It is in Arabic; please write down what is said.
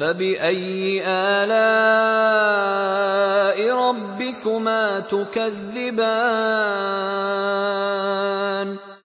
فبأي آلاء ربكما تكذبان